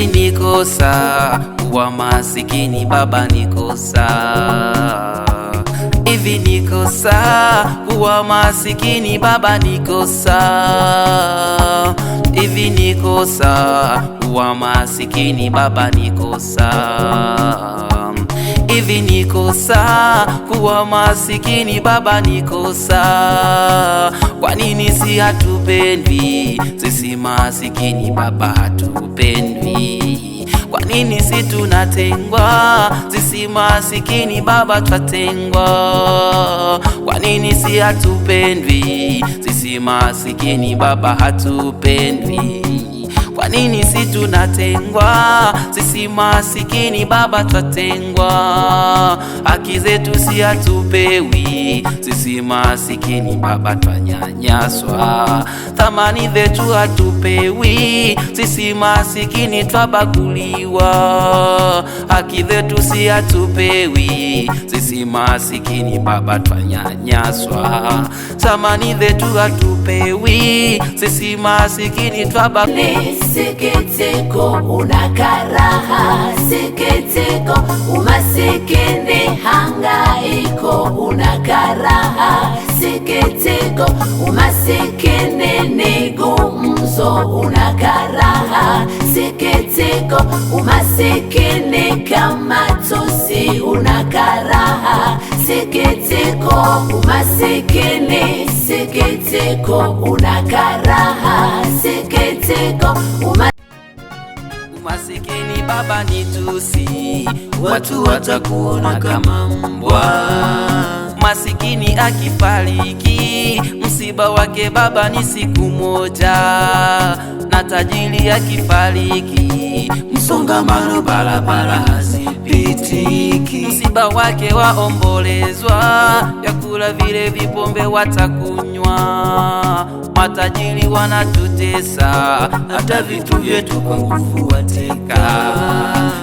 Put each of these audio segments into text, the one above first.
kweli ni kosa kuwa masikini baba, ni kosa hivi, ni kosa kuwa masikini baba, ni kosa hivi, ni kosa kuwa masikini baba, ni kosa hivi niko kuwa masikini baba, nikosa saa. Kwa nini si hatupendwi sisi masikini baba, hatupendwi? Kwa nini si tunatengwa sisi masikini baba, twatengwa? Kwa nini si hatupendwi sisi masikini baba, hatupendwi? Kwa nini si tunatengwa? Sisi masikini baba, twatengwa, haki zetu si hatupewi. Sisi masikini baba, twanyanyaswa, thamani zetu hatupewi. Sisi masikini twabaguliwa, haki zetu si hatupewi sisi masikini baba twanyanyaswa, samani zetu hatupewi sisi masikini twaba. Ni sikitiko unakaraha, sikitiko umasikini hangaiko unakaraha, sikitiko umasikini ni gumzo unakaraha, sikitiko umasikini kama tusi unakaraha Masikitiko, umasikini, sikitiko, unakaraha, sikitiko, uma... umasikini baba ni tusi, watu watakuona kama mbwa. Masikini akifariki, msiba wake baba ni siku moja sajili akifariki, msongamano barabara hazipitiki. Msiba wake waombolezwa, vyakula vile vipombe watakunywa. Matajiri wanatutesa, hata vitu vyetu kwa nguvu wateka,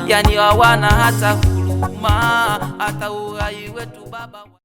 yani hawana hata huruma, hata uhai wetu baba